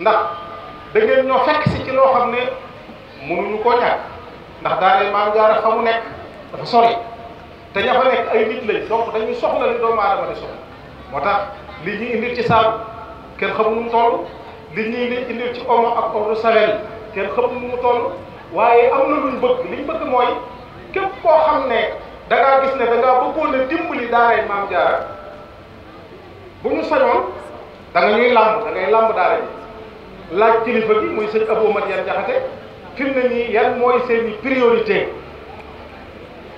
ndax da ngeen ñoo fekk si ci loo xam ne mënuñu koo ñàkk ndax daaneel maam jaara fa nekk dafa sori te ña fa nekk ay nit lañ donc dañuy soxla li doomu aadama di soxla moo tax li ñuy indil ci saabu kenn xamul nu mu toll li ñuy ci omo ak omo sawel kenn xamul waaye am na luñ bëgg liñ bëgg mooy képp koo xam ne da ngaa gis ne da ngaa bëggoon a dimbali maam jaara bu ñu sañoon da ñuy làmb da làmb daara laaj kilifa bi muy sëñ Abou Madiane Diakhaté fi na ne nii yan mooy seen priorité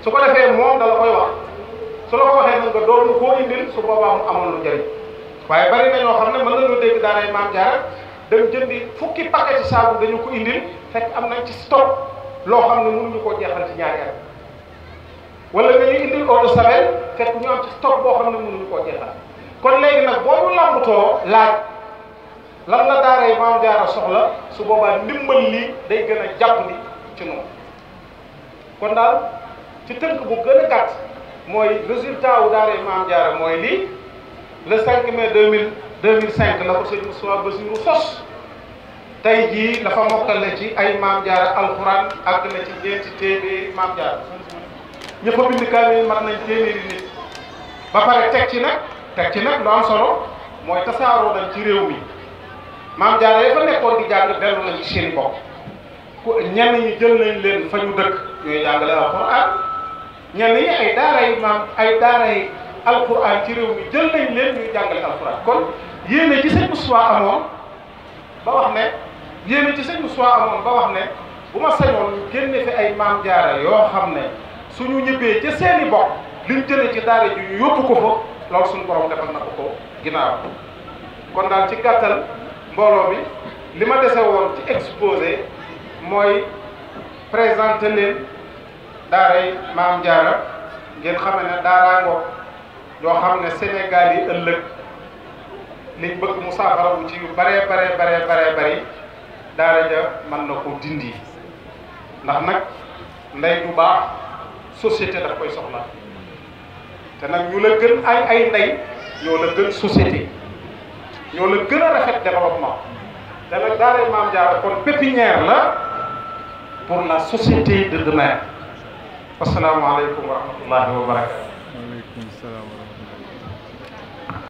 su ko defee moom dala koy wax su la ko waxee nag nga doon koo indil su boobaa mu amoon lu njëriñ waaye bari na ñoo xam ne mën nañoo dégg daaray maam Jaara dem jëndi fukki paquet ci saabu dañu ko indil fekk am nañ ci stop loo xam ne mënuñu koo jeexal ci ñaari at wala nga ñuy indil eau de Javel fekk ñu ci stock boo xam ne mënuñu koo jeexal kon léegi nag boobu lambutoo laaj. lan la daara yi maam jaara soxla su boobaa ndimbal lii day gën a jàpp ni ci noonu kon daal ci tënk bu gën a gàtt mooy résultat wu daara yi maam mooy lii le 5 mai 2000 2005 la ko sëñ Moustapha Bassirou sos tey jii dafa mokkal na ci ay maam jaara alxuraan àgg na ci ñeenti téeméeri maam jaara ña bind kaamil mat nañ téeméeri nit ba pare teg ci nag teg ci nag lu am solo mooy tasaaroo dañ ci réew mi maam jaara ya fa nekkoon di jàng dellu nañ ci seen bopp ku ñenn ñi jël nañ leen fa ñu dëkk ñooy jàngale alquran ñenn yi ay daara yi maam ay daara yi alquran ci réew mi jël nañ leen ñuy jàngale alquran kon yéene ci sëñ Moussa amoon ba wax ne yéene ci sëñ Moussa amoon ba wax ne bu ma sañoon ñu génne fi ay maam jaara yoo xam ne suñu ñëbbee ci seeni bopp liñ jëlee ci daara ji ñu yóbbu ko fa loolu suñu borom defal na ko ko ginnaaw kon daal ci gàttal. booloo bi li ma dese woon ci exposé mooy présenté leen daaray maam Jaara ngeen xam ne daaraa ngoog yoo xam ne Sénégal yi ëllëg liñ bëgg mu saafara ci yu bare bare bare bare bari daara ja mën na ko dindi ndax nag ndey du baax société daf koy soxla te nag ñu la gën ay ay ndey ñoo la gën société ñoo la gën a rafet développement te nag daaray Maam kon pépinière la pour la société de demain asalaamaaleykum wa rahmatullahi wa barakatu.